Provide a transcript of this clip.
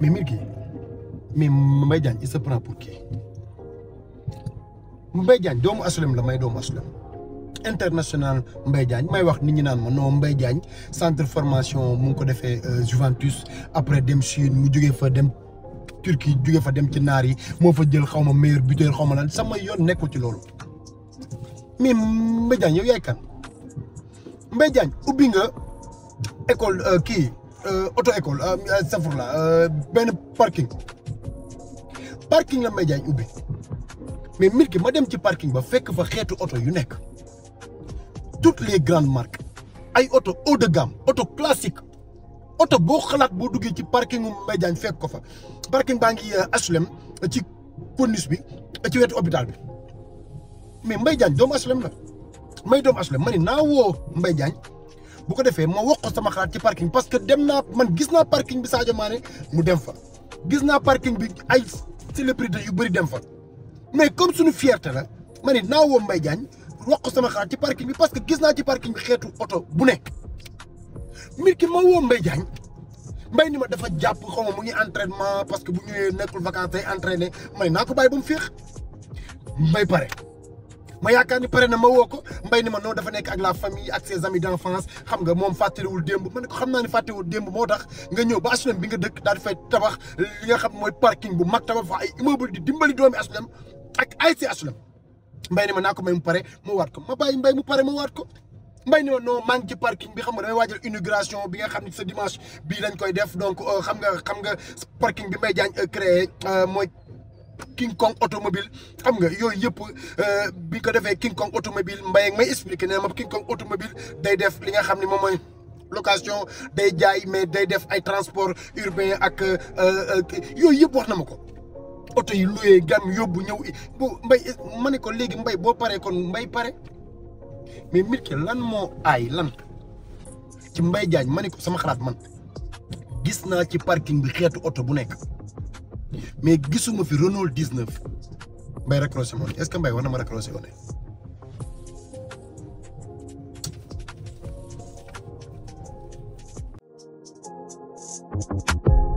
mais Mirgui mais Mbaye Diagne il se prend pour qui Mbaye Diagne doomu asulem la may doomu asulem international Mbaye Diagne may wax nit ñi naan ma non Mbaye Diagne centre formation mu ngi ko defee euh, Juventus après dem Chine mu jógee fa dem Turquie jógee fa dem ci naar yi moo fa jël xaw ma meilleur buteur xaw ma sama yoon nekku ci loolu mais Mbaye Diagne yow yaay kan Mbaye Diagne ubbi nga école euh, kii. oto euh, école euh, euh, safur la benn parking parking la may jaay ubbi mais mbir ki ma dem ci parking ba fekk fa xeetu oto yu nekk toutes les grandes marques ay oto haut de gamme oto classique oto boo xalaat boo duggee ci parkingu Mbaye Diagne fekk ko fa parking baa ngi aslem ci ponus bi ci wetu hôpital bi mais Mbaye Diagne doomu aslem la may doomu aslem ma ni naa woo Mbaye bu defee ma wax ko sama xalaat ci parking parce que dem naa man gis naa parking bi Sadio Mané mu dem fa gis naa parking bi ay célébrité yu bëri dem fa mais comme suñu fierté la ma ne naa woo Mbaye Diagne wax ko sama xalaat ci parking bi parce que gis naa ci parking bi xeetu oto bu nekk mbir ki ma woo Mbaye Diagne mbay ni ma dafa jàpp xaw ma mu ngi entraînement parce que bu ñëwee nekkul vacance day entraîné may naa ko bàyyi ba mu féex mbay pare ma yaakaar ni pare na ma ko mbay ni ma non dafa nekk ak la famille ak ses amis d'enfance xam nga moom fàttaliwul démb ma ne ko xam naa ne fàttaliwul moo tax nga ñëw ba HLM bi nga dëkk daal di fay tabax li nga xam mooy parking bu mag tabax fa ay immeuble di dimbali doomi HLM ak ay si HLM mbay ni ma naa ko may mu pare mu waat ko ma bàyyi mbay mu pare ma waat ko mbay ni ma non maa ngi ci parking bi xam nga damay waajal bi nga xam ne sa dimanche bii lañ koy def donc euh, xam nga xam nga parking bi may jaañ euh, créé euh, mooy King Kong automobile xam nga yooyu yëpp euh, bi ko defee King Kong automobile mbay ak may expliqué ne ma King Kong automobile day def li nga xam ne moom mooy location day jaay mais day def ay transport urbain ak euh, euh, yooyu yëpp wax na ma ko oto yi loué gam yóbbu ñëw bu mbay ma ne ko léegi mbay boo paree kon mbay pare mais mbir lan moo aay lan ci mbay jaañ ma ne ko sama xalaat man gis naa ci parking bi xeetu oto bu nekk mais gisuma fi Renault 19 Mbaye raccroché moom est-ce que Mbaye war na ma raccroché woon Thank you.